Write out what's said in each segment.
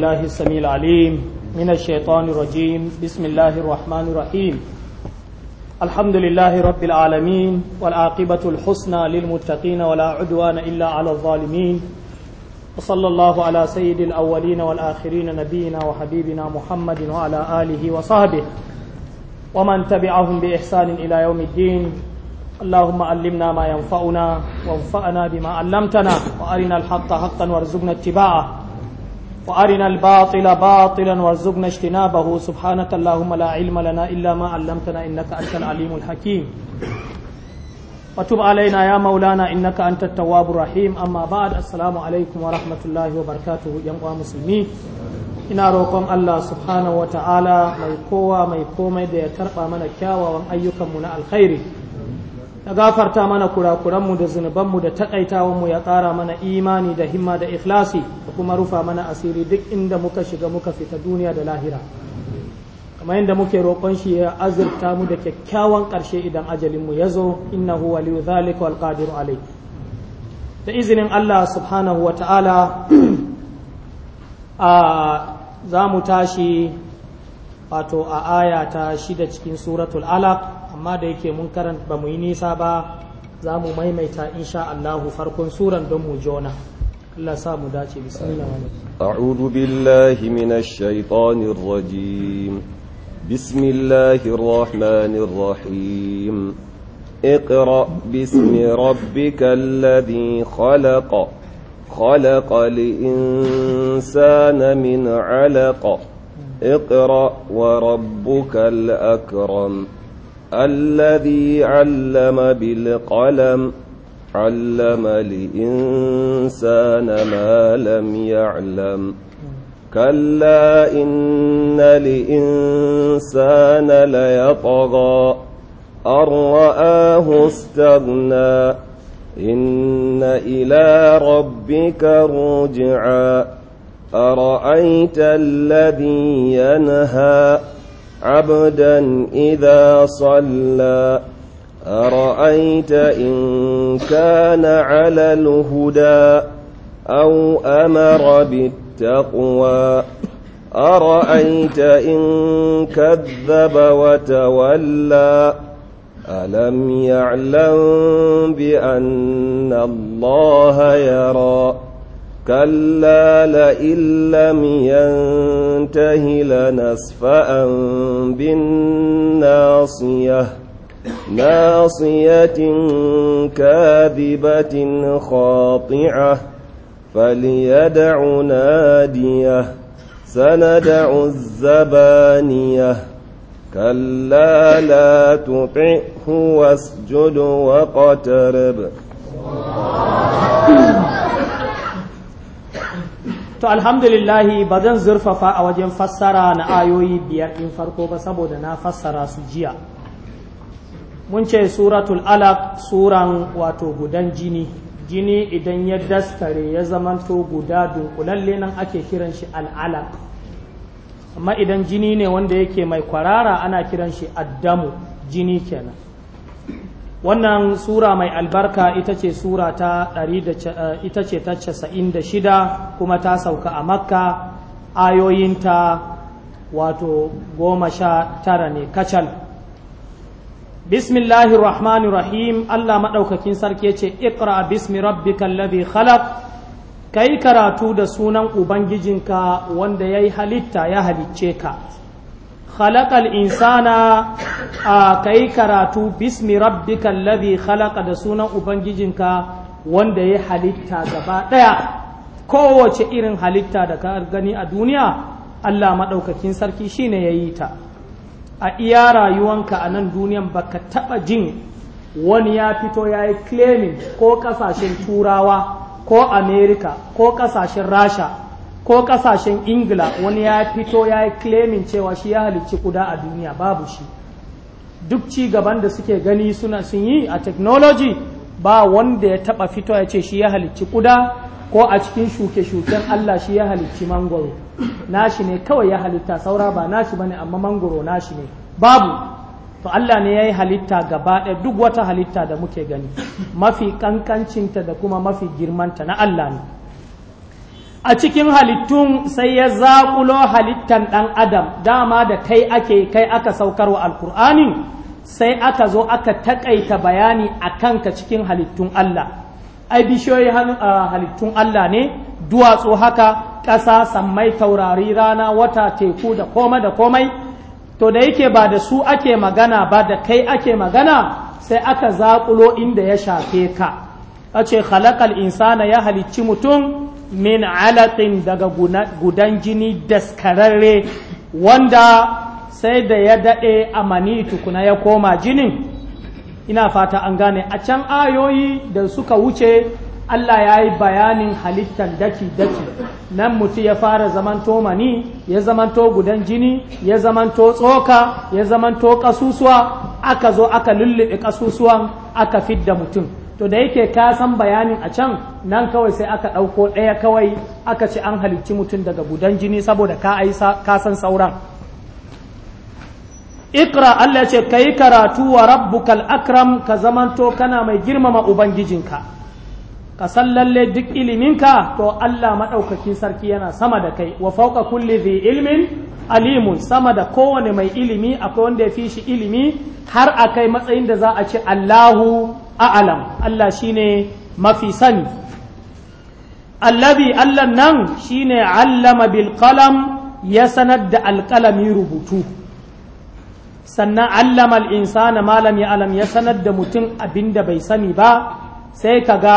الله السميع العليم من الشيطان الرجيم بسم الله الرحمن الرحيم الحمد لله رب العالمين والعاقبة الحسنى للمتقين ولا عدوان إلا على الظالمين وصلى الله على سيد الأولين والآخرين نبينا وحبيبنا محمد وعلى آله وصحبه ومن تبعهم بإحسان إلى يوم الدين اللهم علمنا ما ينفعنا وانفعنا بما علمتنا وأرنا الحق حقا وارزقنا اتباعه وأرنا الباطل باطلا وارزقنا اجتنابه سبحانك اللهم لا علم لنا إلا ما علمتنا إنك أنت العليم الحكيم وتب علينا يا مولانا إنك أنت التواب الرحيم أما بعد السلام عليكم ورحمة الله وبركاته يا مسلمين ina roƙon Allah subhanahu wa ta'ala mai kowa mai komai da ya karɓa mana kyawawan ayyukanmu na alkhairi na gafarta mana kurakuranmu da zunubanmu da takaitawanmu ya ƙara mana imani da himma da ikhlasi da kuma rufa mana asiri duk inda muka shiga muka fita duniya da lahira kamar yadda muke roƙon shi ya azurta mu da kyakkyawan ƙarshe idan ajalinmu ya zo huwa liyu zalika wal qadiru alai da izinin Allah subhanahu wa ta'ala a za mu tashi wato a aya ta shida cikin suratul alaq amma da yake mun karanta ba mu yi nisa ba za mu maimaita insha Allahu farkon suran don mu jona Allah sa mu dace bismillah a'udhu billahi minash shaitanir rajim bismillahir rahmanir rahim اقرأ باسم ربك الذي خلق خلق الإنسان من علق اقرأ وربك الأكرم الذي علم بالقلم علم الإنسان ما لم يعلم كلا إن الإنسان ليطغى أن رآه استغنى إن إلى ربك رجعا أرأيت الذي ينهى عبدا إذا صلى أرأيت إن كان على الهدى أو أمر بالتقوى أرأيت إن كذب وتولى ألم يعلم بأن الله يرى كلا لئن لم ينته لنسفعا بالناصية ناصية كاذبة خاطعة فليدع ناديه سندع الزبانية كلا لا تطعه واسجد واقترب to alhamdulillahi ba zan zurfafa a wajen fassara na ayoyi biyar din farko ba saboda na fassara su jiya mun ce suratul alaq suran wato gudan jini jini idan ya daskare ya zamanto guda dunkulalle nan ake kiran shi al'alaq amma idan jini ne wanda yake mai kwarara ana kiran shi addamu jini kenan wannan sura mai albarka ita ce sura ta eh, ita ce ta casa'in da shida kuma ta sauka a makka ayoyinta wato goma sha tara ne kacal bismillahi rahmanir rahim allah maɗaukakin sarki ce ikra bismi rabbika alladhi khalaq kai karatu da sunan ubangijinka wanda ya yi halitta ya halicce ka khalaqal insana a kai karatu bismi rabbikal ladhi khalaqa da sunan ubangijinka wanda ya halitta gaba daya kowace irin halitta da ka gani a duniya Allah madaukakin sarki shine yayi ta a iya rayuwanka a nan duniyan baka taɓa jin wani ya fito yayi yi ko kasashen turawa ko amerika ko kasashen rasha ko kasashen ingila wani ya fito ya yi claiming cewa shi ya halicci kuda a duniya babu shi duk ci gaban da suke gani suna sun yi a technology ba wanda ya taba fito ya ce shi ya halicci kuda ko a cikin shuke-shuken Allah shi ya halicci mangoro nashi ne kawai ya halitta saura ba nashi bane amma mangoro nashi ne babu to Allah ne ya yi halitta gaba ɗaya duk wata halitta da muke gani mafi kankancinta da kuma mafi girmanta na Allah ne a cikin halittun sai ya zaƙulo halittan ɗan adam dama da kai ake kai aka saukar wa alkur'anin sai aka zo aka taƙaita bayani a kanka cikin halittun Allah ai bishiyoyi halittun Allah ne duwatsu haka ƙasa sammai taurari rana wata teku da koma da komai to da yake ba da su ake magana ba da kai ake magana sai aka zaƙulo inda ya shafe ka a ce insana ya halicci mutum min alatin daga gudan jini daskararre wanda sai da ya daɗe a mani tukuna ya koma jinin ina fata an gane a can ayoyi da suka wuce Allah ya yi bayanin halittar daki-daki nan mutum ya fara zamanto mani ya zamanto gudan jini ya zamanto tsoka ya zamanto ƙasusuwa aka zo aka lullube ƙasusuwan aka fidda mutum to da yake ka san bayanin a can nan kawai sai aka ɗauko ɗaya kawai aka ci an halicci mutum daga gudan jini saboda ka kasan sauran ikra Allah ce ka yi karatu wa rabbukal akram ka zamanto kana mai girmama ubangijinka ka san lalle duk iliminka to Allah maɗaukakin sarki yana sama da kai wa fauka kulli dhi ilmin alimun sama da kowane mai ilimi akwai wanda ya fi shi ilimi har a kai matsayin da za a ci Allahu a'lam Allah shine mafi sani allabi Allah nan shine allama bil qalam ya sanar da alƙalami rubutu sannan allama al'insana malam ya alam ya sanar da mutum abin da bai sani ba sai ka ga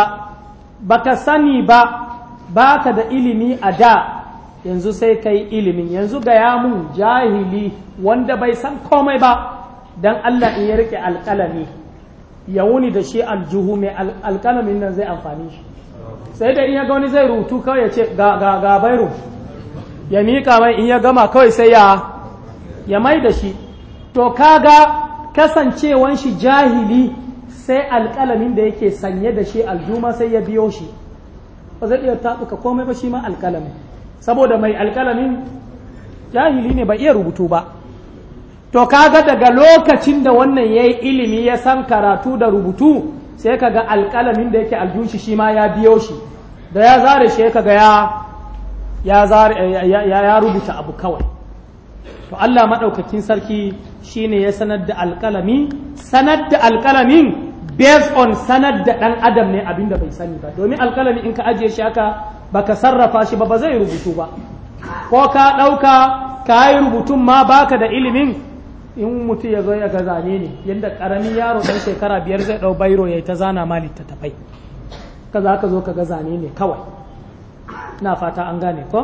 baka sani ba baka da ilimi a da yanzu sai ka yi ilimin yanzu ga mun jahili wanda bai san komai ba don Allah in ya rike alƙalami ya wuni da shi aljuhu mai alkalamin nan zai amfani shi sai da in ya ga wani zai rubutu kawai ya ce ga bairu ya miƙa mai in ya gama kawai sai ya ya mai da shi to ka ga kasancewan shi jahili sai alkalamin da yake sanye da shi aljuma sai ya biyo shi ba zai iya taɓuka komai ba shi ma alkalamin saboda mai alkalamin jahili ne ba iya rubutu ba to kaga daga lokacin da wannan yayi ilimi ya san karatu da rubutu sai kaga alƙalamin da yake aljushi shi ma ya biyo shi da ya zare shi kaga ya ya zare ya rubuta abu kawai to Allah madaukakin sarki shine ya sanar da alƙalami sanar da alƙalamin based on sanar da ɗan adam ne abinda bai sani ba domin alƙalami in ka ajiye shi haka baka sarrafa shi ba ba zai rubutu ba ko ka ɗauka ka yi rubutun ma baka da ilimin in mutum ya zo ya ga zane ne yadda karamin yaro ɗan shekara biyar zai ɗau bairo ya yi ta zana ma littattafai ka za ka zo ka ga zane ne kawai na fata an gane ko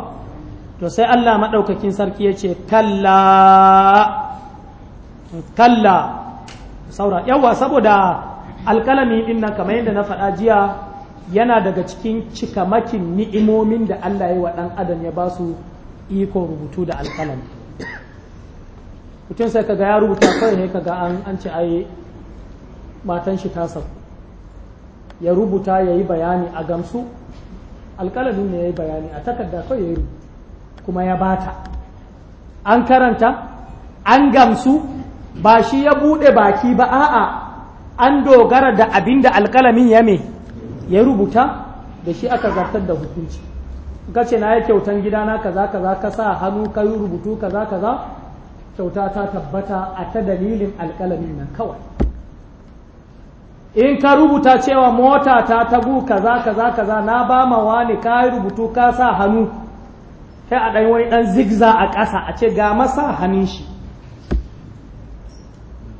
to sai Allah maɗaukakin sarki ya ce kalla kalla saura yawa saboda alkalami din nan kamar yadda na faɗa jiya yana daga cikin cikamakin ni'imomin da Allah ya wa ɗan adam ya ba su iko rubutu da alkalami mutum sai kaga ya rubuta kawai ne ka ga an ce ai matan shi ta sau ya rubuta ya yi bayani a gamsu alkalabin ne ya yi bayani a takarda kawai ya yi kuma ya bata an karanta an gamsu ba shi ya bude baki ba a'a an dogara da abin da alƙalamin ya me ya rubuta da shi aka zartar da hukunci ka ce na ya kyautan gidana kaza kaza ka sa hannu ka yi rubutu kaza kaza kyauta ta tabbata a ta dalilin alƙalamin nan kawai in ka rubuta cewa mota ta tagu kaza kaza kaza na ba ma wani ka rubutu ka sa hannu sai a ɗan wani ɗan zigza a ƙasa a ce ga masa hannun shi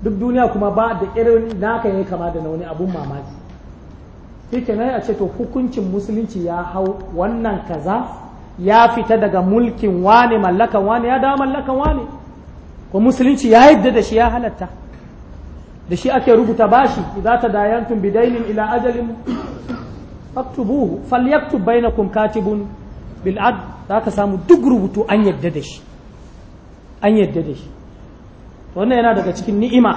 duk duniya kuma ba da irin naka ya kama da na wani abun mamaki na yi a ce to hukuncin musulunci ya hau wannan kaza ya fita daga mulkin wani mallakan wani. ya da mallakan wani ko musulunci ya yadda da shi ya halatta da shi ake rubuta bashi idza tadayantum bidainin ila ajalin faktubuhu falyaktub bainakum katibun bil ad zaka samu duk rubutu an yadda da shi an yadda da shi wannan yana daga cikin ni'ima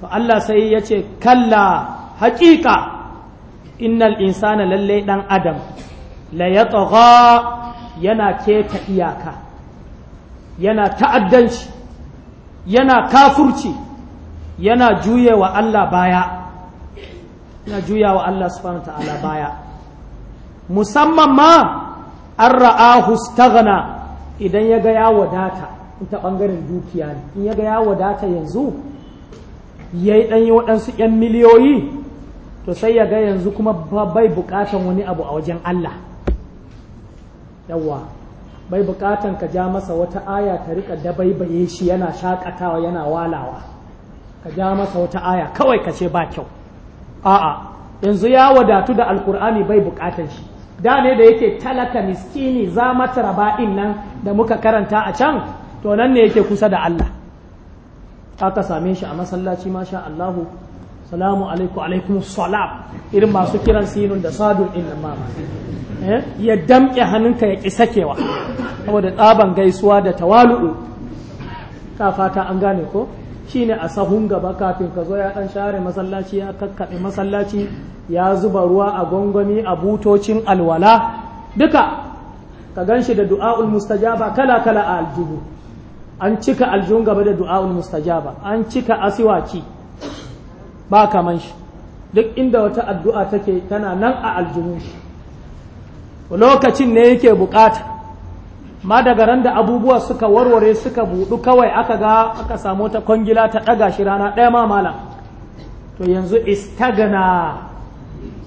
to Allah sai ya ce kalla haƙiƙa innal insana lallai dan adam la yatagha yana keta iyaka yana ta'addanci yana kafurci yana wa Allah baya yana juyawa Allah subhanahu ta'ala baya musamman ma an ra'ahu staghna idan ya ga ya wadata in ta bangaren dukiya ne in ya ga ya wadata yanzu yayi dan yi waɗansu yan miliyoyi to sai ya ga yanzu kuma bai bukatan wani abu a wajen Allah yawwa bai bukatan ka ja masa wata aya ta rika dabaibaye shi yana shakatawa yana walawa ka ja masa wata aya kawai ka ce ba kyau a'a yanzu ya wadatu da alkur'ani bai bukatan shi da ne da yake talaka miskini za mata raba'in nan da muka karanta a can to nan ne yake kusa da Allah aka same shi a masallaci masha Allahu salamu alaikum alaikum salam irin masu kiran sinin da sadu inna nan ma eh? ya damke hannunka ya ki sakewa saboda tsaban gaisuwa da tawalu'u ka fata an gane ko ne a sahun gaba kafin ka zo ya dan share masallaci ya kakkaɓe masallaci ya zuba ruwa a gwangwami a butocin alwala duka ka gan shi da du'a'ul mustajaba kala kala a aljihu an cika aljihun gaba da du'a'ul mustajaba an cika asiwaci ba kaman shi duk inda wata addu'a take tana nan a aljihun shi lokacin ne yake bukata ma daga ran da abubuwa suka warware suka budu kawai aka ga aka samu ta kwangila ta ɗaga shi rana ɗaya ma malam to yanzu istagana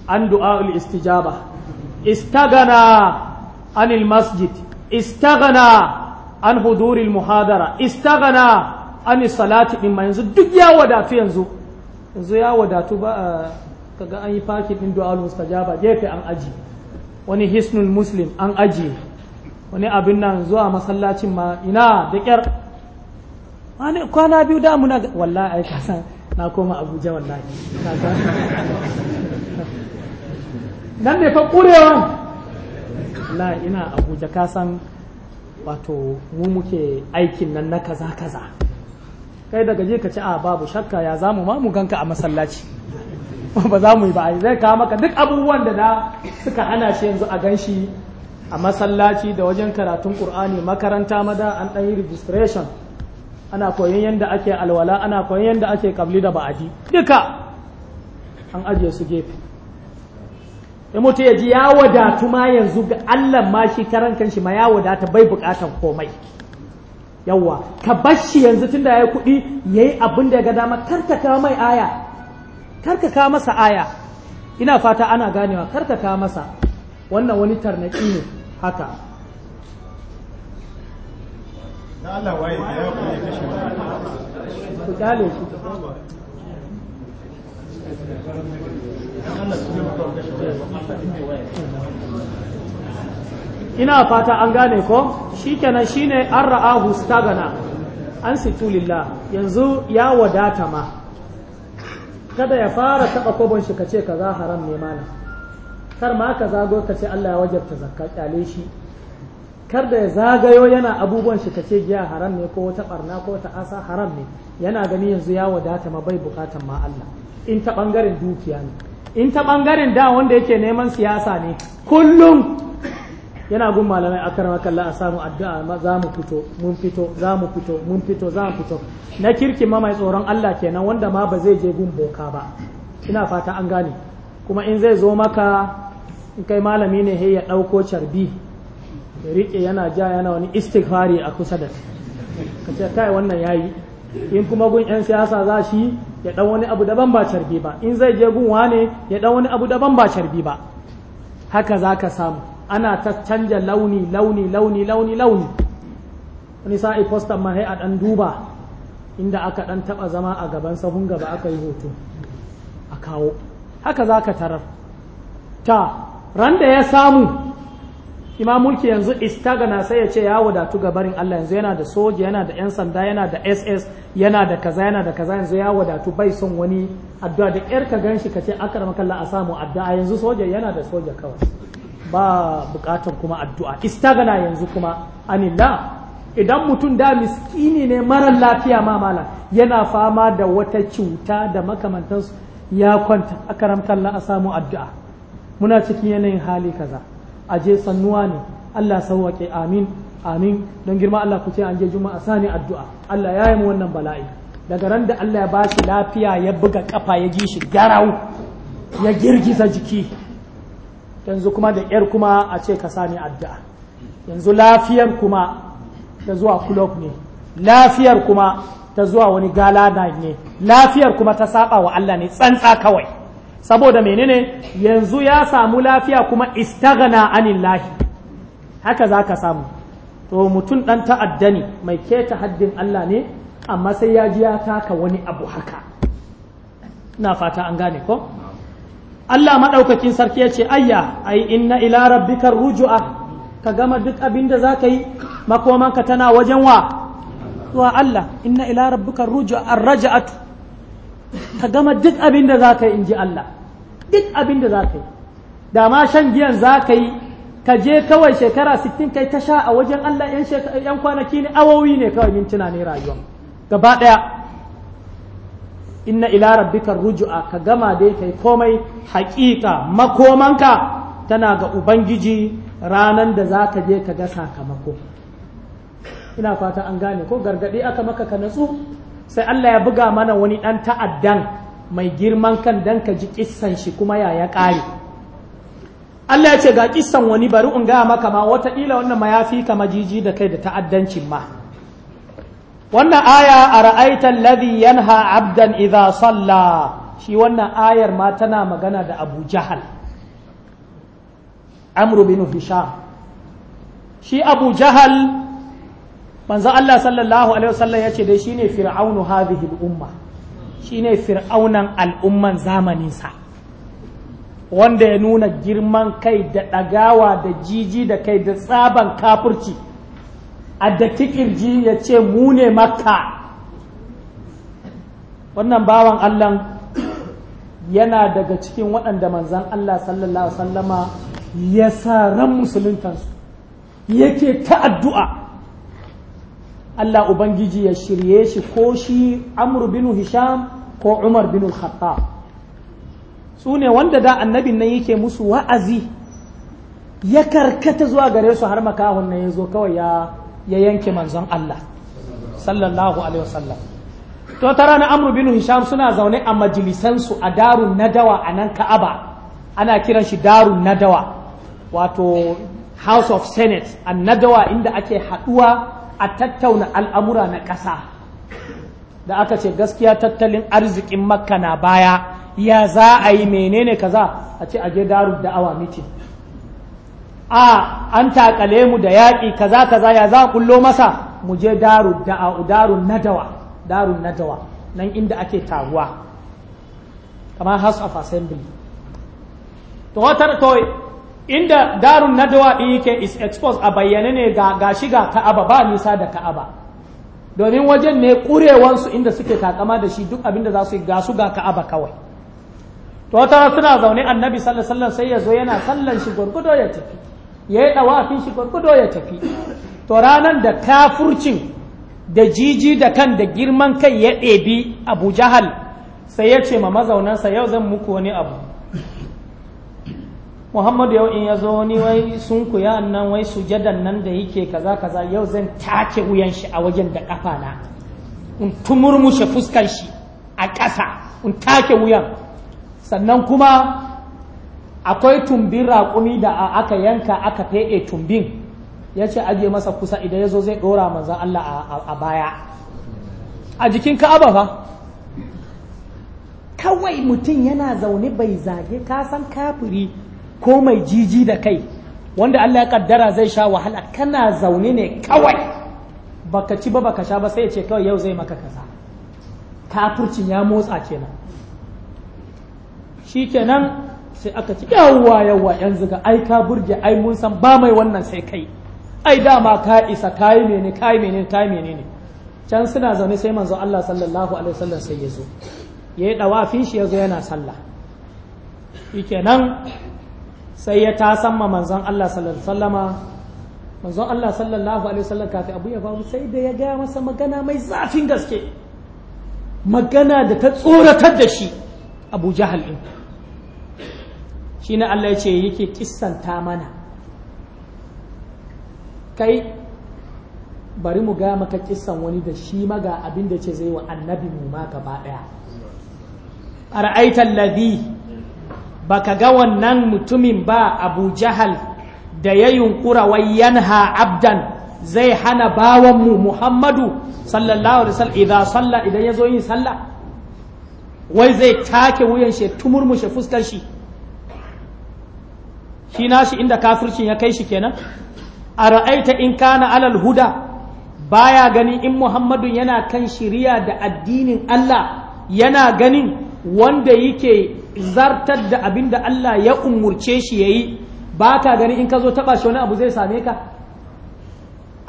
an du'a'ul istijaba istagana anil masjid istagana an huduril muhadara istagana an salati ɗin ma yanzu duk ya wadafi yanzu yanzu ya wadatu ba a kaga an yi fakin din du'al mustajaba gefe an aji wani hisnul muslim an aji wani abin nan zuwa masallacin ma ina da kyar wani kwana biyu da muna wallahi ai ka san na koma abuja wallahi nan ne fa kurewa wallahi ina abuja ka san wato mu muke aikin nan na kaza kaza kai daga je ka ci a babu shakka ya zamu ma mu ganka a masallaci ba za mu yi ba zai kawo maka duk abubuwan da na suka hana shi yanzu a shi a masallaci da wajen karatun ƙur'ani makaranta mada an ɗan yi registration ana koyon yadda ake alwala ana koyon yadda ake kabli da ba'adi duka an ajiye su gefe in mutum ya ji ya wadatu ma yanzu ga Allah ma shi karan kanshi ma ya wadata bai bukatan komai yawa ka bashi yanzu tun da ya yi kuɗi ya yi abin da ya ga dama karkaka mai aya karkaka masa aya ina fata ana ganewa karkaka masa wannan wani tarnaki ne haka Allah waye ya kuma kashe ku shi Allah su kashe ina fata an gane ko shikenan shine an ra'ahu stagana an situlillah yanzu ya wadata ma kada ya fara taba kobon shi kace kaza haram ne malam kar ma ka zago kace Allah ya wajabta zakka kyale shi kar da ya zagayo yana abubuwan shi kace giya haram ne ko wata barna ko wata asa haram ne yana gani yanzu ya wadata ma bai bukatan ma Allah in ta bangaren dukiya ne in ta bangaren da wanda yake neman siyasa ne kullum yana gun malamai a karama kalla a samu addu'a za mu fito mun fito za mu fito mun fito za mu fito na kirki ma mai tsoron Allah kenan wanda ma ba zai je gun boka ba ina fata an gane kuma in zai zo maka kai malami ne ya dauko carbi ya rike yana ja yana wani istighfari a kusa da ka ce kai wannan yayi in kuma gun 'yan siyasa za shi ya dan wani abu daban ba carbi ba in zai je gun wane ya dan wani abu daban ba carbi ba haka zaka samu ana ta canja launi launi launi launi launi wani sa'i fostan ma a dan duba inda aka ɗan taɓa zama a gaban sahun gaba aka yi hoto a kawo haka za ka tarar ta ran da ya samu imam mulki yanzu istagana sai ya ce ya wadatu gabarin Allah yanzu yana da soja yana da 'yan sanda yana da ss yana da kaza yana da kaza yanzu ya wadatu bai son wani addu'a da 'yar ka gan shi ka ce makalla a samu addu'a yanzu soja yana da soja kawai ba bukatan kuma addu'a istagana yanzu kuma anillah idan mutum da miskini ne marar lafiya ma malam yana fama da wata cuta da makamantansu ya kwanta a karamtar a samu addu'a muna cikin yanayin hali kaza a je sannuwa ne Allah sauwaƙe amin amin don girma Allah ku ce an je juma'a sani addu'a Allah ya yi mu wannan bala'i daga ran da Allah ya ba shi lafiya ya buga kafa ya ji shi garau ya girgiza jiki yanzu kuma da ƴar kuma a ce ka sani addu'a yanzu lafiyar kuma ta zuwa kulob ne lafiyar kuma ta zuwa wani gala na ne lafiyar kuma ta saba wa Allah ne tsantsa kawai saboda menene yanzu ya samu lafiya kuma istaghana anillahi haka zaka samu to mutum ɗan ta'adda ne mai keta haddin Allah ne amma sai ya ji ya taka wani abu haka ina fata an gane ko Allah maɗaukakin sarki ya ce ayya ai inna ila rabbika ruju'a ka gama duk abin da zaka yi makomanka tana wajen wa zuwa Allah inna ila rabbika ruju'a arraja'atu ka gama duk abin da zaka yi in ji Allah duk abin da zaka yi da ma shan giyan zaka yi ka je kawai shekara 60 kai ta sha a wajen Allah yan kwanaki ne awowi ne kawai mintuna ne rayuwa gaba daya inna ila rabbika rujua, ka gama dai kai komai haƙiƙa makomanka tana ga ubangiji ranan da za ka je ka ga sakamako ina fata an gane ko gargaɗi aka maka ka natsu sai Allah ya buga mana wani ɗan ta'addan mai girman kan dan ka ji kissan shi kuma ya ya ƙare Allah ya ce ga kissan wani bari in gaya maka ma wataƙila wannan ma ya fi ka majiji da kai da ta'addancin ma wannan aya a ra'aitan ladhi yanha abdan idha salla shi wannan ayar ma tana magana da abu jahal amru bin hisham shi abu jahal manzo Allah sallallahu alaihi wasallam ya ce dai shine fir'aunu hadhihi al-umma shine fir'aunan al'umman zamaninsa wanda ya nuna girman kai da ɗagawa da jiji da kai da tsaban kafurci a daki kirji ya ce mu ne makka wannan bawan allah yana daga cikin waɗanda manzan allah sallallahu sallama ya sa ran musuluntansu yake ta addu'a allah ubangiji ya shirye shi ko shi amur binu hisham ko umar binu khatta su ne wanda da annabin nan yake musu wa'azi ya karkata zuwa gare su har makahon na ya zo kawai ya ya yanke manzon Allah sallallahu alaihi wasallam to tara na amru bin hisham suna zaune a majalisansu a darun nadawa a nan ka'aba ana kiran shi darun nadawa wato house of senate an nadawa inda ake haduwa a tattauna al'amura na ƙasa da aka ce gaskiya tattalin arzikin makka na baya ya za a yi menene kaza a ce a je darun da'awa mitin a an takale mu da yaƙi kaza kaza ya za kullo masa mu je daru da'a darun nadawa darun nadawa nan inda ake taruwa kamar house of assembly to wata to inda darun nadawa din yake is exposed a bayyane ne ga gashi ga ka'aba ba nisa da ka'aba domin wajen ne kurewansu inda suke takama da shi duk abinda za su yi ga su ga ka'aba kawai to wata suna zaune annabi sallallahu alaihi wasallam sai ya zo yana sallan shi gurgudo ya tafi ya yi ɗawafin shi gwargwado ya tafi to ranar da kafurcin da jiji da kan da girman kai ya ɗebi abu jahal sai ya ce ma mazaunansa yau zan muku wani abu muhammadu yau in ya zo wani wai sun kuya nan wai sujadan nan da yake kaza kaza yau zan take wuyan shi a wajen da ƙafa na in tumurmushe fuskan shi a ƙasa in take wuyan sannan kuma akwai tumbin raƙumi da aka yanka aka fe'e tumbin ya ce aje masa kusa idan ya zo zai ɗora manzan Allah a baya a jikin ka'aba fa kawai mutum yana zaune bai zage kasan kafiri ko mai jiji da kai wanda Allah ya kaddara zai sha wahala kana zaune ne kawai baka ci ba baka sha ba sai ya ce kawai yau zai maka kaza kafircin ya motsa kenan shikenan sai aka ci yawwa yawwa yan ziga ai ka burge ai mun san ba mai wannan sai kai ai dama ka isa kai mene kai mene kai mene ne can suna zaune sai manzo Allah sallallahu alaihi wasallam sai ya zo yayi yi dawafin shi ya zo yana sallah nan sai ya tasamma manzon Allah sallallahu alaihi wasallama manzon Allah sallallahu alaihi wasallam kafi abu ya faru sai da ya ga masa magana mai zafin gaske magana da ta tsoratar da shi Abu Jahal din shi na Allah ya ce yake kissanta mana kai bari mu ga maka kissan wani da shi maga abin da ce zai wa annabi mu ma gaba ɗaya ar'aitan ba baka ga wannan mutumin ba abu jahal da ya yunkura wai yanha abdan zai hana bawanmu muhammadu sallallahu alaihi wasallam idan salla idan ya zo yin sallah wai zai take wuyan shi tumurmushe fuskar shi shi nashi inda kafircin ya kai shi kenan a ra'aita in kana alal huda baya gani in Muhammadu yana kan shiriya da addinin Allah yana ganin wanda yake zartar da abinda Allah ya umurce shi yayi ba ka gani in ka zo taɓa shi wani abu zai same ka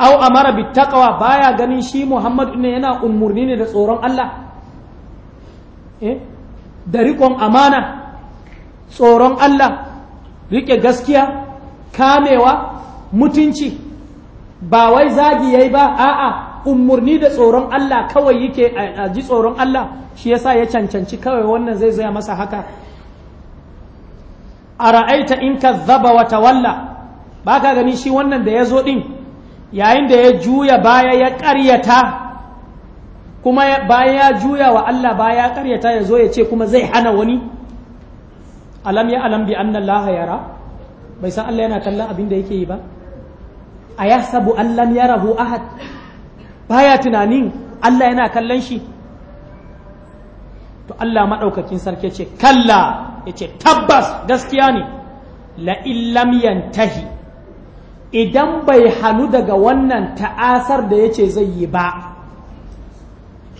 au amara bittaqwa baya ganin shi muhammadu ne yana umurni ne da tsoron Allah eh da riƙon amana tsoron Allah Rike gaskiya kamewa mutunci ba wai zagi yayi ba a'a umurni da tsoron Allah kawai yake a ji tsoron Allah shi yasa ya cancanci kawai wannan zai zaya masa haka a ra'aita in kazzaba wa tawalla ba gani shi wannan da ya zo ɗin yayin da ya juya baya ya ƙaryata kuma bayan ya juya wa Allah baya ya ƙaryata ya zo ya ce kuma zai hana wani alam ya alam bi anna Allah yara bai san Allah yana kallon abin da yake yi ba a ya sabu an lam yarahu ahad baya tunanin Allah yana kallon shi to Allah maɗaukakin sarki ce kalla ya ce tabbas gaskiya ne la'illam yantahi idan bai hannu daga wannan ta'asar da ya ce zai yi ba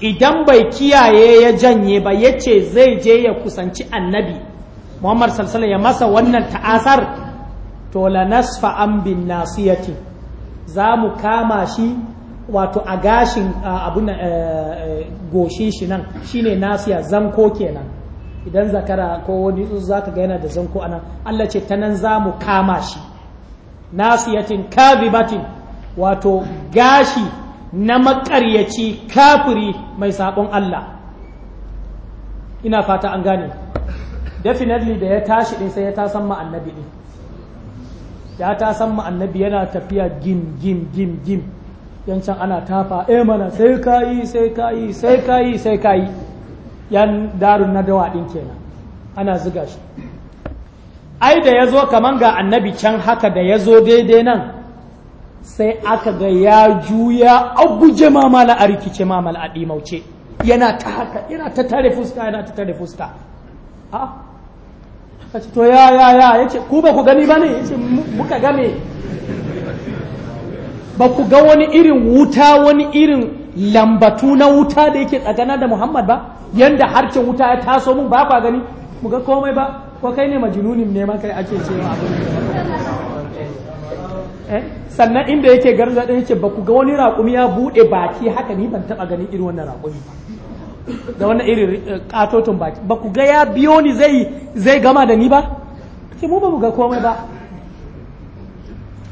idan bai kiyaye ya janye ba ya ce zai je ya kusanci annabi muhammad salsala ya masa wannan ta'asar to la nasfa an bin nasiyati za mu kama shi wato a gashin abun eh, eh, goshin shi nan shine nasiya zanko kenan idan zakara ko wani za ka ga yana da zanko anan Allah ce ta nan za mu kama shi nasiyatin kadhibatin wato gashi na makaryaci kafiri mai saƙon Allah ina fata an gane definitely da ya tashi din sai ya tasan ma annabi din ya tasan ma annabi yana tafiya gim gim gim gim yancan ana tafa eh mana sai kayi sai kayi sai kayi sai kayi yan darun na dawa ɗin kenan ana ziga shi ai da yazo kaman ga annabi can haka da yazo daidai nan sai aka ga ya juya abuje la a rikice mama a ɗimauce yana ta haka yana ta tare fuska yana ta tare fuska a ah, kace to ya ya ya yace ku ba ku gani ba ne ya ce muka game ba ku ga wani irin wuta wani irin lambatu na wuta da yake tsagana da muhammad ba yanda harcin wuta ya taso mun ba kwa gani mu ga komai ba ko kai ne majnunin ne ma kai ake cewa abin eh? sannan inda yake garzada yace yake ba ku ga wani raƙumi ya buɗe baki haka ni ban taɓa ganin irin wannan raƙumi ba da wannan irin katotun eh, baki ba ku ga ya biyo ni zai gama da ni ba ce mu ba mu ga komai ba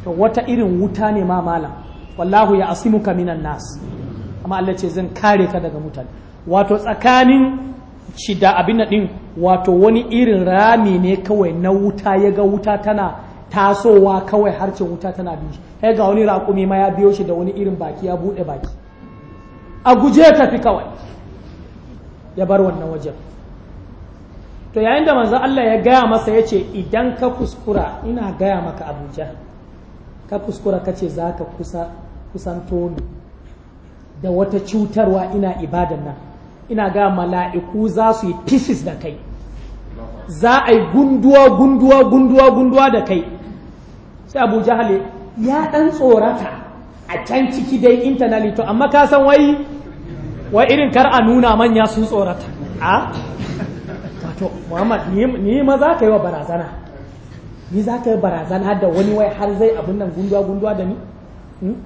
to wata irin wuta ne ma malam wallahu ya asimuka minan nas amma Allah ce zan kare ka daga mutane wato tsakanin shida abin nan din wato wani irin rami ne kawai na wuta ya ga wuta tana tasowa kawai harcin wuta tana bi sai ga wani raƙumi ma ya biyo shi da wani irin baki ya buɗe baki a guje tafi kawai ya bar wannan wajen to yayin da manzo Allah ya gaya masa ya ce idan ka kuskura ina gaya maka abuja ka kuskura ka ce za ka kusa kusanto ni da wata cutarwa ina ibadan nan ina ga mala'iku za su yi pieces da kai za a yi gunduwa gunduwa gunduwa gunduwa da kai sai abu jahale ya dan tsorata a can ciki dai internally to amma ka san wai Wai irin kar a nuna manya sun tsorata a wato muhammad ni ma za ka yi wa barazana ni za ka yi barazana da wani wai har zai abin nan gunduwa gunduwa da ni hmm?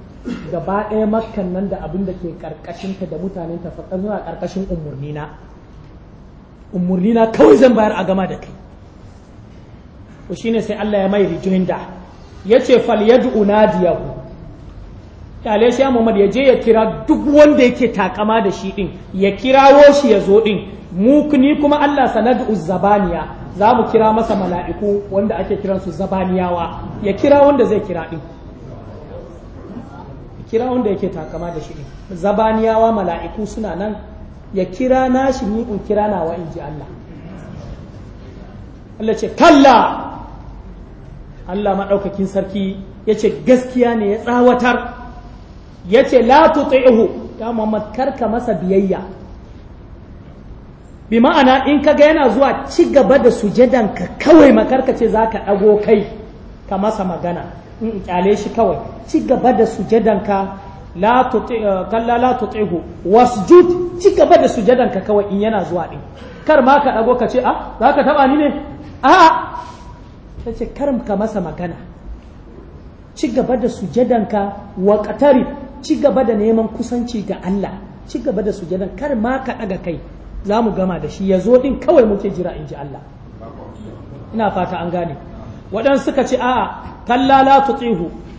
gaba ɗaya makkan nan da abin da ke ƙarƙashinta da mutanen ta faɗa zuwa karkashin umurnina umurnina kawai zan bayar a gama da kai to shine sai Allah ya mai rejoinder yace yadu nadiyahu kyale shi Muhammad ya je ya kira duk wanda yake takama da shi din ya kirawo shi ya zo din mu ni kuma Allah sanadu uzzabaniya za mu kira masa mala'iku wanda ake kiransu zabaniyawa ya kira wanda zai kira din kira wanda yake takama da shi din zabaniyawa mala'iku suna nan ya kira nashi ni in kira nawa in ji Allah Allah ce kalla Allah maɗaukakin sarki ya ce gaskiya ne ya tsawatar yace la tuti'hu ya Muhammad karka masa biyayya bi ma'ana in kaga yana zuwa ci gaba da sujadan ka kawai makarka ce zaka dago kai ka masa magana in kyale shi kawai ci gaba da sujadan ka la eh, kalla la wasu wasjud ci gaba da sujadan ka kawai in yana zuwa din kar ma ka dago ka ce a ah, zaka taba ni ne a ta ce karam ka masa magana ci gaba da sujadanka wa ƙatari ci gaba da neman kusanci ga Allah ci gaba da sujadan kar ma ka daga kai za mu gama da shi ya zo din kawai muke jira in ji Allah ina fata an gane waɗansu suka ce a'a kalla la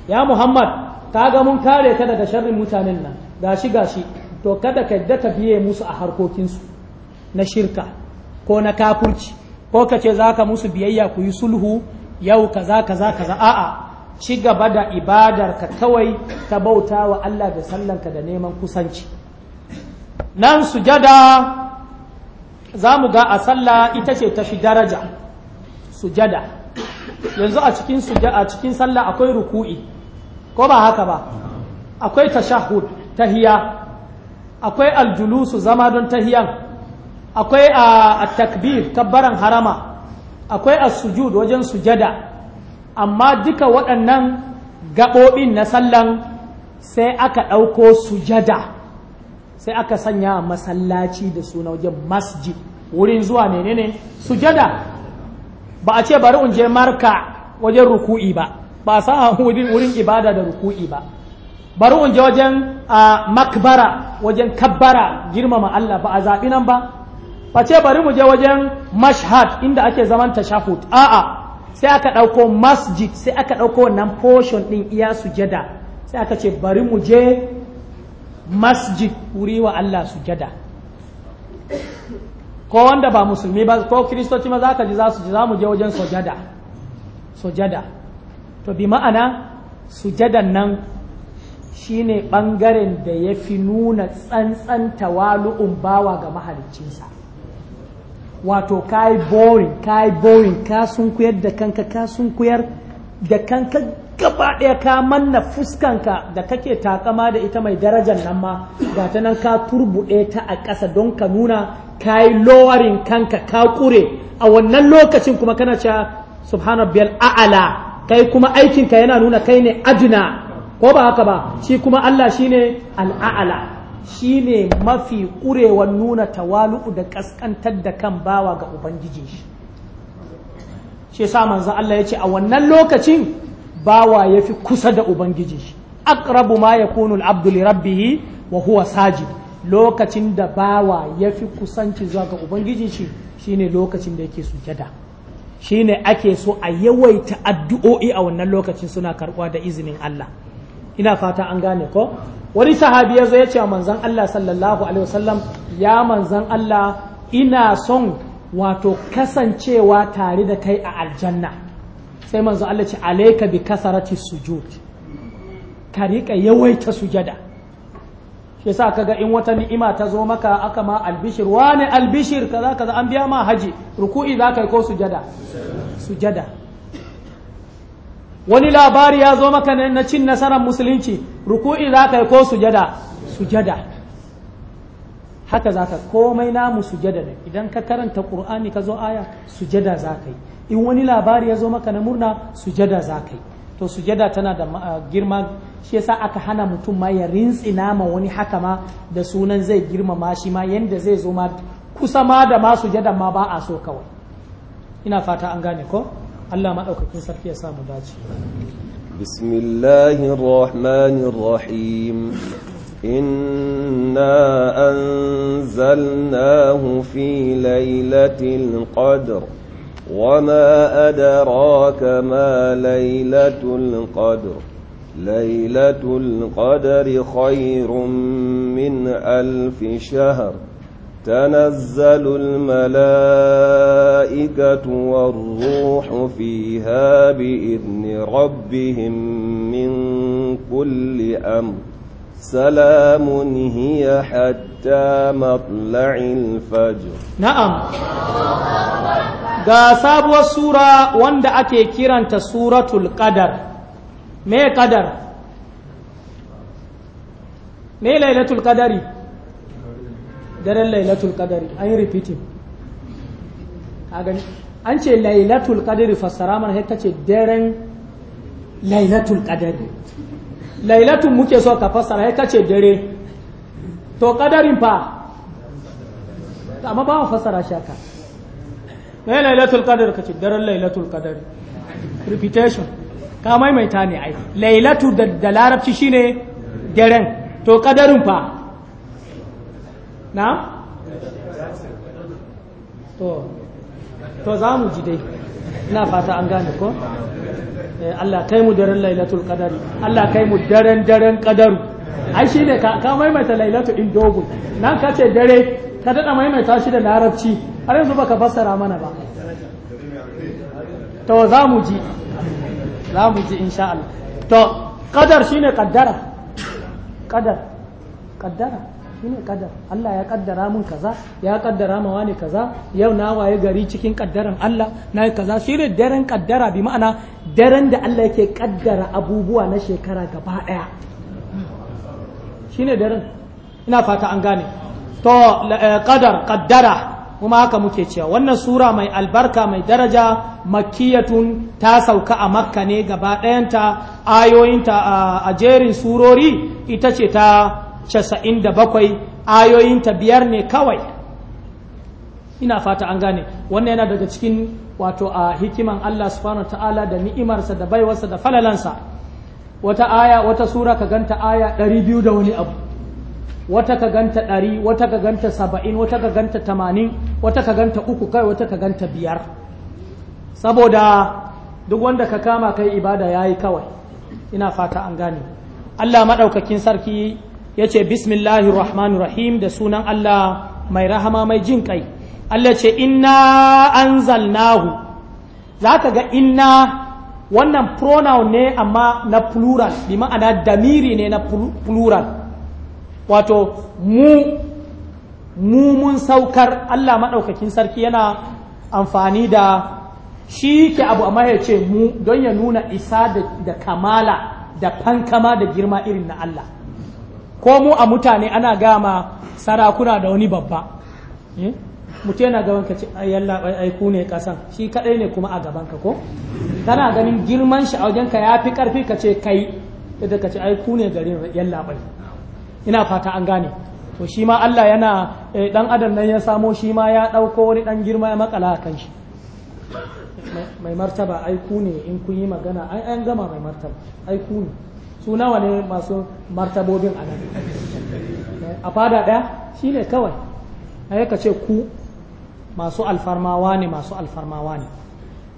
ya Muhammad ga mun kare ka daga sharrin mutanen nan gashi gashi to kada ka yadda ta biye musu a harkokinsu na shirka ko na kafurci ko kace ce za musu biyayya ku yi sulhu yau kaza kaza kaza a'a ci gaba da ibadarka kawai ta bauta wa Allah da sallanka da neman kusanci nan sujada za mu ga a sallah ita ce ta fi daraja sujada yanzu a cikin a cikin sallah akwai ruku'i ko ba haka ba akwai tashahud, tahiya akwai aljulusu zama don tahiyan akwai a takbir kabbaran harama akwai as-sujud wajen sujada amma duka waɗannan gaɓoɓin na sallan sai aka ɗauko sujada sai aka sanya masallaci da suna wajen masjid wurin zuwa menene sujada ba a ce bari in je marka wajen ruku'i ba ba a sa wurin ibada da ruku'i ba bari in je wajen makbara wajen kabbara girmama Allah ba a zaɓi nan ba ba ce bari mu je wajen mashhad inda ake zaman tashahud a'a sai aka ɗauko masjid sai aka ɗauko wannan portion ɗin iya sujada sai aka ce bari mu je masjid wuri wa Allah sujada ko wanda ba musulmi ba ko kiristoci ma za ka ji za su ji za mu je wajen sujada sujada to bi ma'ana sujadan nan shine ɓangaren da ya fi nuna tsantsan tawalu'un bawa ga mahaliccinsa wato ka yi boring ka yi boring ka sunkuyar da kanka ka sunkuyar da kanka gaba ɗaya ka manna fuskanka da kake takama da ita mai darajar nan ma ga ta nan ka turbuɗe ta a ƙasa don ka nuna ka yi lowarin kanka ka ƙure a wannan lokacin kuma kana cewa subhanabbiyal a'ala kai kuma aikinka yana nuna kai ne ajina ko ba haka ba shi kuma Allah shine al'a'ala Shi ne mafi ƙurewar nuna tawalu'u da ƙasƙantar da kan bawa ga ubangijin shi shi sa manzan Allah ya ce a wannan lokacin bawa ya fi kusa da ubangijin shi Akrabu ma ya al-abdu li wa huwa sajid lokacin da bawa ya fi kusanci zuwa ga ubangijin shi ne lokacin da yake sujada ne ake so a yawaita addu'o'i a wannan lokacin suna karɓuwa da izinin Allah ina fata an gane ko wani sahabi ya zo ya ce manzon Allah sallallahu alaihi wasallam ya manzan Allah ina son wato kasancewa tare da kai a aljanna sai manzo Allah ce alaika bi kasarati sujud ka rika yawaita sujada shi yasa kaga in wata ni'ima ta zo maka aka ma albishir wani albishir kaza kaza an biya ma haji ruku'i za ka yi ko sujada sujada wani labari ya zo maka na cin nasarar musulunci ruku'i za ka yi ko sujada sujada haka za ka komai namu sujada ne idan ka karanta ƙur'ani ka zo aya sujada za ka yi in wani labari ya zo maka na murna sujada za ka yi to sujada tana da ah, girma shi yasa aka hana mutum ma ya rintsi nama wani haka ma da sunan zai girmama shi ma yanda zai zo ma kusa ma da ma sujada ma ba a so kawai ina fata an gane ko Allah maɗaukakin sarki ya samu dace bismillahir rahmanir rahim inna anzalnahu fi lailatul qadr وما أدراك ما ليلة القدر ليلة القدر خير من ألف شهر تنزل الملائكة والروح فيها بإذن ربهم من كل أمر سلام هي حتى مطلع الفجر نعم ga sabuwar sura wanda ake kiranta suratul qadar me qadar me daren lailatul qadari an yi repeating an ce lailatul qadari fassara mana sai ce daren lailatul qadari lailatul muke so ka fassara sai ce dare to qadarin fa amma ba mu fassara shi aka mai lailatul ka ce daren lailatul qadari repetition ka maimaita ne ai lailatul da larabci shine daren to qadarin fa na? to to za mu ji dai na fata an gane ko? Eh, Allah kai mu daren lailatul qadari Allah kai mu daren daren qadaru ai ne ka ka maimaita lailatu din nan ka ce dare ka dada maimaita shi da larabci har yanzu baka fassara mana ba to za mu ji za mu ji insha Allah to qadar shine qaddara qadar qaddara shine kadar Allah ya kaddara mun kaza ya kaddara ma wani kaza yau na waye gari cikin kaddaran Allah na yi kaza shine daren kaddara bi ma'ana daren da Allah yake kaddara abubuwa na shekara gaba daya shine daren ina fata an gane to qadar eh, kaddara kuma haka muke cewa wannan sura mai albarka mai daraja makiyatun ta sauka a makka ne gaba ɗayanta ayoyinta a jerin surori ita ce ta casa'in da bakwai ayoyinta biyar ne kawai ina fata an gane wannan yana daga cikin wato a hikiman Allah subhanahu ta'ala da ni'imarsa da baiwarsa da falalansa wata aya wata sura ka ganta aya ɗari biyu da wani abu wata ka ganta ɗari wata ka ganta saba'in wata ka ganta tamanin wata ka ganta uku kai wata ka ganta biyar saboda duk wanda ka kama kai ibada ya yi kawai ina fata an gane Allah maɗaukakin sarki ya ce bismillahir rahmanir rahim da sunan Allah mai rahama mai jin kai Allah ce inna anzalnahu za ka ga inna wannan pronoun ne amma na plural bi ma'ana damiri ne na plural wato mu mu mun saukar Allah maɗaukakin sarki yana amfani da shi ke abu a ya ce mu don ya nuna isa da kamala da fankama da girma irin na Allah ko mu a mutane ana gama sarakuna da wani babba eh? mutu yana gaban ka ce yalla aiku ne kasan shi kadai ne kuma a gaban ka ko kana ganin girman shi a wajen ka yafi karfi ka ce kai da ka ce aiku ne garin yalla bai ina fata an gane to shi ma Allah yana dan eh, adam nan ya samo shi ma ya dauko wani dan girma ya makala kan shi mai martaba aiku ne in kun yi magana ai an gama mai martaba aiku ne su nawa ne masu martabobin a nan a fada ɗaya shi ne kawai a ka ce ku masu alfarmawa ne masu alfarmawa ne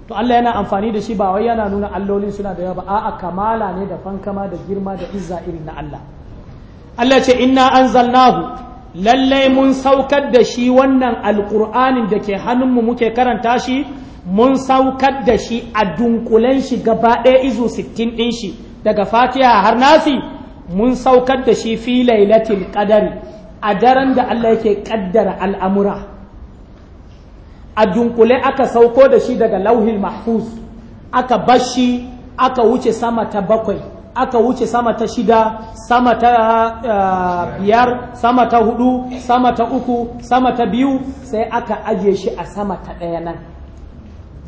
to Allah yana amfani da shi ba wai yana nuna allolin suna da yawa ba a'a kamala ne da fankama da girma da izza irin na Allah Allah ce inna anzalnahu lallai mun saukar da shi wannan alkur'anin da ke hannunmu muke karanta shi mun saukar da shi a dunkulen shi gaba ɗaya izu sittin ɗin shi daga fatiha har nasi mun saukar da shi fi lailatul qadar a daren da Allah yake kaddara al'amura a dunkule aka sauko da shi daga lauhil mahfuz aka bashi aka wuce sama ta bakwai aka wuce sama ta shida sama ta eh, biyar sama ta hudu sama ta uku sama ta biyu sai aka ajiye shi a sama ta ɗaya nan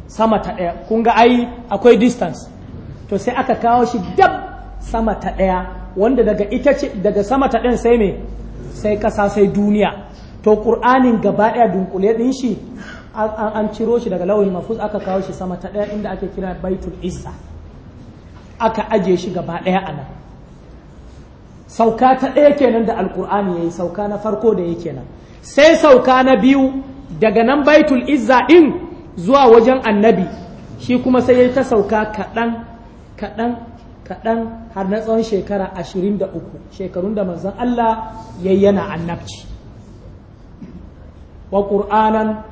sama ta ɗaya kun ga ai akwai distance to sai aka kawo shi dab sama ta ɗaya wanda daga ita ce daga sama ta ɗayan sai me sai ƙasa sai duniya to ƙur'anin gaba ɗaya dunkule ɗin shi an ciro shi daga lawal mafuz aka kawo shi sama ta ɗaya inda ake kira baitul izza aka aje shi gaba ɗaya a nan sauka ta ɗaya kenan da alƙur'ani ya yi sauka na farko da ya kenan sai sauka na biyu daga nan baitul izza ɗin zuwa wajen annabi shi kuma sai ya ta sauka kaɗan kaɗan kaɗan har na tsawon shekara ashirin da uku shekarun da manzon Allah ya yana annabci wa ƙur'anan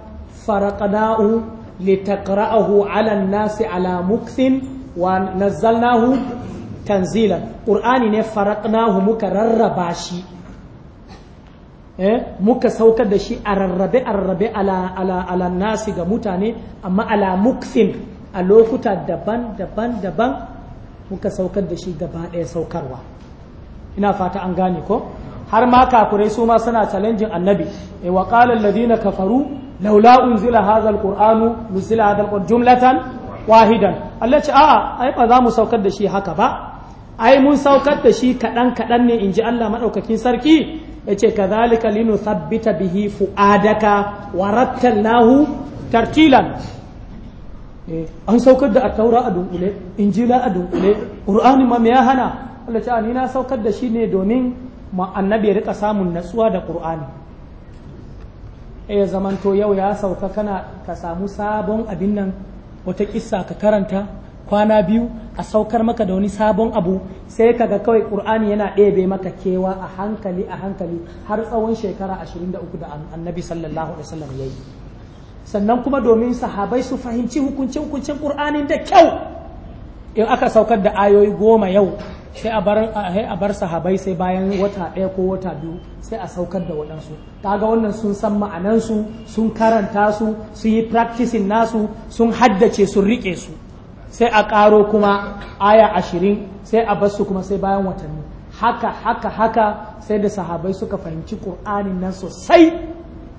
faraƙadahu litaqra'ahu 'ala an-nasi 'ala mukthin wa nazzalnahu tanzilan ƙur'ani ne faraƙnahu muka rarraba shi eh, muka saukar da shi a rarrabe a rarrabe ala nasi ga mutane amma ala a lokuta daban daban daban muka saukar da shi gaba ɗaya saukarwa ina fata an gane ko har ma kafurai su ma suna challenging annabi eh wa qala alladhina kafaru laula unzila hadha alqur'anu nuzila hadha alqur'an jumlatan wahidan Allah ce a'a ai ba za mu saukar da shi haka ba ai mun saukar da shi kadan kadan ne inji Allah madaukakin sarki yace kadhalika linuthabbita bihi fuadaka warattalnahu tartilan Eh, an saukar da attaura a dunkule injila a dunkule ƙur'ani ma ya hana Allah ta ni na saukar da shi ne domin ma annabi ya rika samun natsuwa da ƙur'ani qur'ani eh, ya zamanto yau ya sauka kana ka samu sabon abin nan wata kissa ka karanta kwana biyu a saukar maka da wani sabon abu sai ka ga kawai ƙur'ani yana ɗebe maka kewa a hankali a hankali har tsawon shekara 23 da annabi sallallahu alaihi wasallam yayi sannan kuma domin sahabai su fahimci hukunce-hukuncen ƙur'anin da kyau in aka saukar da ayoyi goma yau sai a bar sahabai sai bayan wata ɗaya ko wata biyu sai a saukar da waɗansu kaga wannan sun san ma'anansu sun karanta su sun yi practicing nasu sun haddace sun riƙe su sai a ƙaro kuma aya ashirin sai a bar su kuma sai bayan watanni haka haka haka sai da sahabai suka fahimci ƙur'anin nan sosai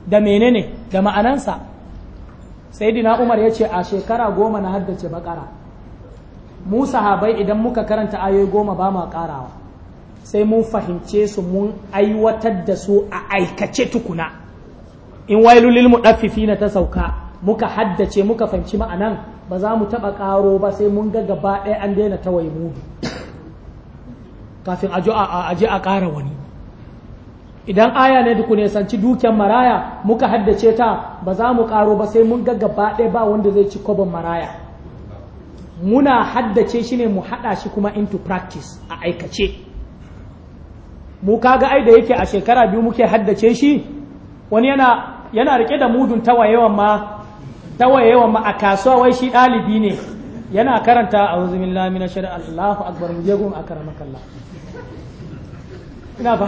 da menene da ma'anansa sayyidina umar ya ce a shekara goma na haddace bakara mu sahabai idan muka karanta ayoyi goma ba ma karawa sai mun fahimce su mun aiwatar da su a aikace tukuna in wailulil na ta sauka muka haddace muka fahimci ma'anan ba za mu taɓa ƙaro ba sai mun ga gaba ɗaya an daina ta mu. kafin a ji a ƙara wani idan aya ne duk ne sanci dukiyar maraya muka haddace ta ba za mu karo ba sai mun ga gaba ɗaya ba wanda zai ci kwabon maraya muna haddace shi ne mu haɗa shi kuma into practice a aikace mu kaga ai da yake a shekara biyu muke haddace shi wani yana yana rike da mudun tawayewan ma tawayewan ma a kasuwa wai shi ɗalibi ne yana karanta a wuzumin lamina shari'a Allahu akbar mu je gun akramaka ina ba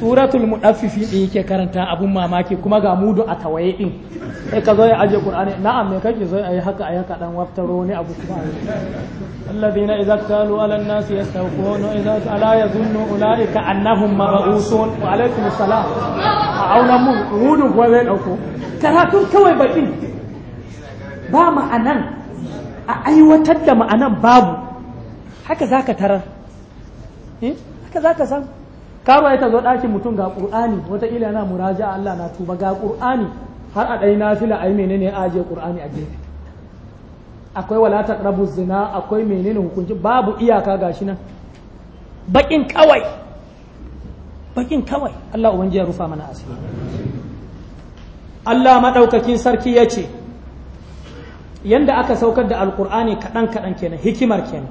suratul mudaffifin din yake karanta abun mamaki kuma ga mudu a tawaye din sai ka zo ya aje qur'ani na'am me kake zo ayi haka ayi haka dan waftaro ne abu kuma alladhina idza talu ala an-nas yastawquna idza ala yazunnu ulaika annahum mab'usun wa alaykum assalam auna mu mudu ko zai dauko karatun kawai bakin ba ma'anan a aiwatar da ma'anan babu haka zaka tarar eh? haka zaka samu ya ta zo ɗakin mutum ga ƙur'ani ila yana muraja Allah na tuba ga ƙur'ani har a ɗai nafila ai menene a ajiye ƙur'ani a gefe akwai wala taqrabu zina akwai menene hukunci babu iyaka gashi nan baƙin kawai baƙin kawai Allah uban ya rufa mana asiri Allah maɗaukakin sarki ya ce yanda aka saukar da alkur'ani kaɗan kaɗan kenan hikimar kenan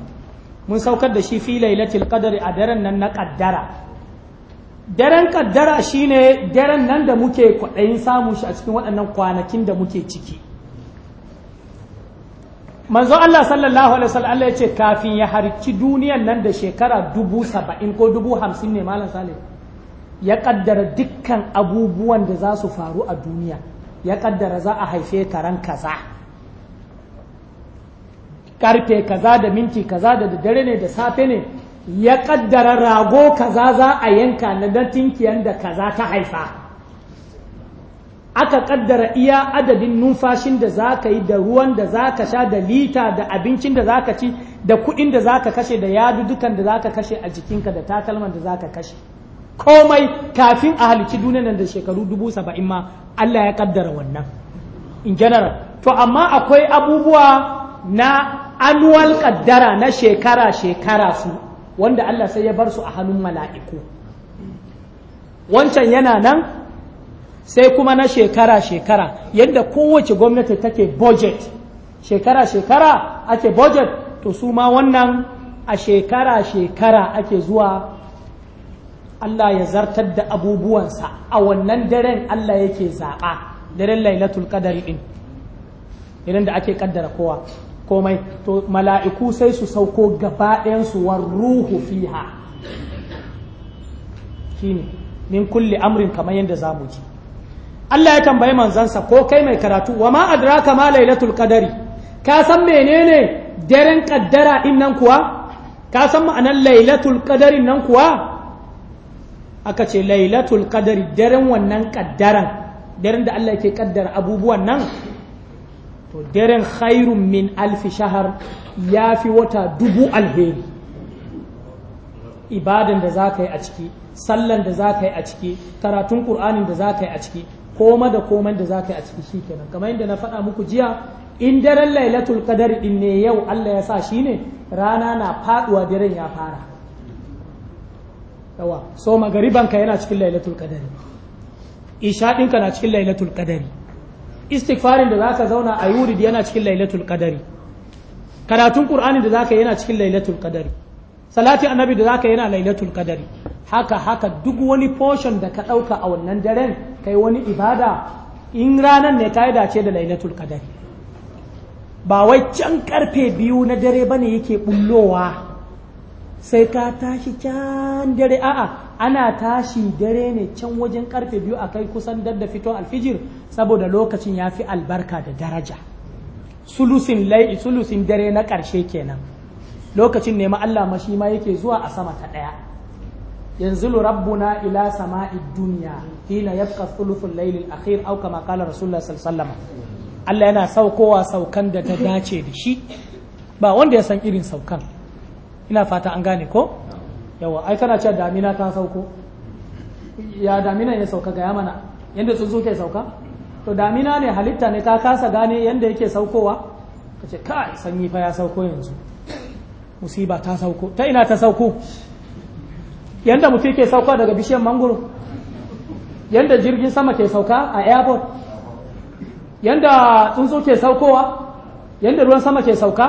mun saukar da shi fi lailatul qadri a daren nan na ƙaddara daren kaddara shine daren nan da muke kwaɗayin samun shi a cikin waɗannan kwanakin da muke ciki manzo Allah sallallahu alaihi wasallam Allah ya ce kafin ya harci duniyan nan da shekara dubu saba'in ko dubu hamsin ne malam sale ya kaddara dukkan abubuwan da za su faru a duniya ya kaddara za a haife karan kaza karfe kaza da minti kaza da dare ne da safe ne ya ƙaddara rago kaza za a yanka na dan da kaza ta haifa aka ƙaddara iya adadin numfashin da za ka yi da ruwan da za ka sha da lita da abincin da za ka ci da kuɗin da za ka kashe da yadudukan da za ka kashe a jikinka da takalman da za ka kashe komai kafin a halici duniya nan da shekaru dubu saba'in ma Allah ya ƙaddara wannan in general to amma akwai abubuwa na annual ƙaddara na shekara-shekara su wanda Allah sai ya bar su a hannun mala'iku wancan yana nan sai kuma na shekara-shekara yadda kowace gwamnati take budget shekara-shekara ake budget to su ma wannan a shekara-shekara ake zuwa Allah ya zartar da abubuwansa a wannan daren Allah yake zaɓa daren lailatul ƙadari din idan da ake ƙaddara kowa komai to mala'iku sai su sauko gaba ɗayansu su ruhu fiha shine min kulli amrin kamar yadda za mu ji Allah ya tambayi manzansa ko kai mai karatu wa ma adraka ma lailatul kadari ka san menene daren kaddara in nan kuwa ka san ma'anar lailatul nan kuwa aka ce lailatul daren wannan kaddaran daren da Allah yake kaddara abubuwan nan to daren khairun min alfi shahar ya fi wata dubu alheri ibadan da za ka yi a ciki sallan da za ka yi a ciki karatun ƙur'anin da za ka yi a ciki koma da koman da za ka yi a ciki shikenan kamar yadda na faɗa muku jiya in daren lailatul qadar din ne yau Allah ya sa shi ne rana na faɗuwa daren ya fara yawa so magaribanka yana cikin lailatul qadari isha ɗinka na cikin lailatul qadari istighfarin da zaka zauna a da yana cikin lailatul qadari karatun qur'ani da zaka yana cikin lailatul qadari salati annabi da zaka yana lailatul qadari haka haka duk wani portion da ka dauka a wannan daren kai wani ibada in ranan ne ka dace da lailatul qadari ba wai can karfe biyu na dare bane yake bullowa sai ka tashi can dare a'a ana tashi dare ne can wajen karfe biyu a kai kusan dadda fito alfijir saboda lokacin ya fi albarka da daraja sulusin lai sulusin dare na ƙarshe kenan lokacin ne ma Allah mashi ma yake zuwa a sama ta ɗaya yanzu rabbuna ila sama'id duniya. hina yabqa thuluthul layl al-akhir aw kama qala rasulullah sallallahu Allah yana saukowa saukan da ta dace da shi ba wanda ya san irin saukan ina fata an gane ko yawa ai kana cewa damina ta sauko ya damina ya sauka ga mana. Yanda tsuntsu ke sauka to damina ne halitta ne ka kasa gane yanda yake saukowa ka ce kai sanyi fa ya sauko yanzu musiba ta sauko ta ina ta sauko Yanda mutum ke sauka daga bishiyar mangoro Yanda jirgin sama ke sauka a airport Yanda tsuntsu ke saukowa Yanda ruwan sama ke sauka